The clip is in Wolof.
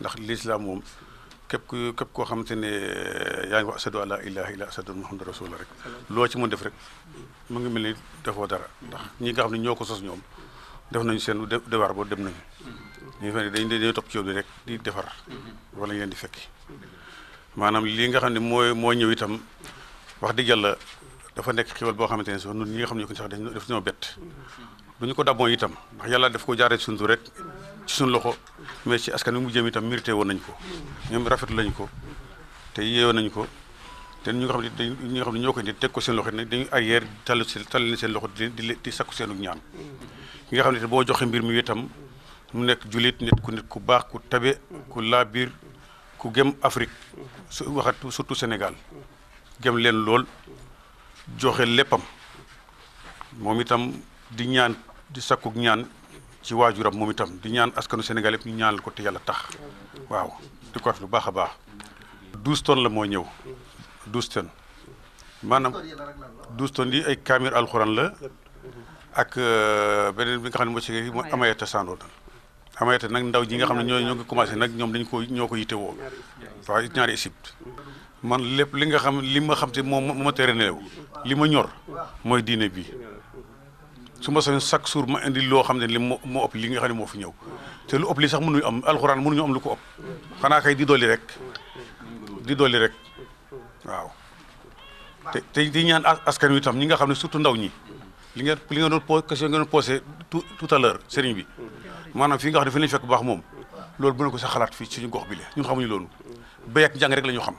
ndax lislaam moom képp ku képp koo xamante ne euh, yaa ngi wax asadu àla ilaha illa asadu muhammadu rasulullah rek loo ci mën def rek mu ngi mel ni defoo dara ndax ñi nga xam ne ñoo ko sos ñoom def nañu seen devoir boo dem nañu ñu fa ne dañ dañuy topp coow bi rek di defar wala ñu di fekki maanaam lii nga xam ne mooy moo ñëw itam wax dëgg yàlla dafa nekk xiwal boo xamante ne sax ñun ñi nga xam ne ñu ko sax dañ def ñoo bett du ñu ko dabboo itam ndax yàlla def ko jaaree suñu rek ci suñu loxo mais ci askan wi mu tam itam mérité woon nañ ko ñoom rafet lañ ko te yeewoo nañ ko te ñu nga xam ne dañ ñi xam ne ñoo ko indi teg ko seen loxo nag dañuy arrière tàll si tàll leen seen loxo di di di sakku seenu ñaan ñi nga xam ne te boo joxe mbir mi itam mu nekk jullit ne ku nekk ku baax ku tabe ku laabiir ku gëm Afrique su waxat surtout Sénégal gëm leen lool joxe léppam moom itam di ñaan di sakku ñaan. ci waajuram moom itam di ñaan askanu Sénégal yëpp ñu ñaanal ko te yàlla tax waaw di ko def lu baax a baax douze tonnes la moo ñëw douze tonnes maanaam douze tonnes yi ay kaamir alxuraan la ak euh, beneen bi nga xam ne moo ci mooy amayata sandoo na amayata nag ndaw ji nga xam ne ñoo ñoo ngi commencé nag ñoom dañ ko ñoo ko yite woo waaw ñaari Égypte man lépp li nga xam li ma xam te moom moo ma tere li ma ñor mooy diine bi su ma sañoon chaque jour ma indi loo xam ne li moo moo li nga xam ne moo fi ñëw te lu ëpp li sax mënuñu am alxuraan mënuñu am lu ko ëpp xanaa kay di dolli rek di dolli rek waaw te te di ñaan askan wi itam ñi nga xam ne surtout ndaw ñi li ngeen li ngeen doon po question ngeen doon posé tout tout à l'heure sëriñ bi maanaam fii nga xam ne fi lañu fekk baax moom loolu bu ne ko sa xalaat fii suñu gox bi la ñun xamuñu loolu béy ak njàng rek la ñu xam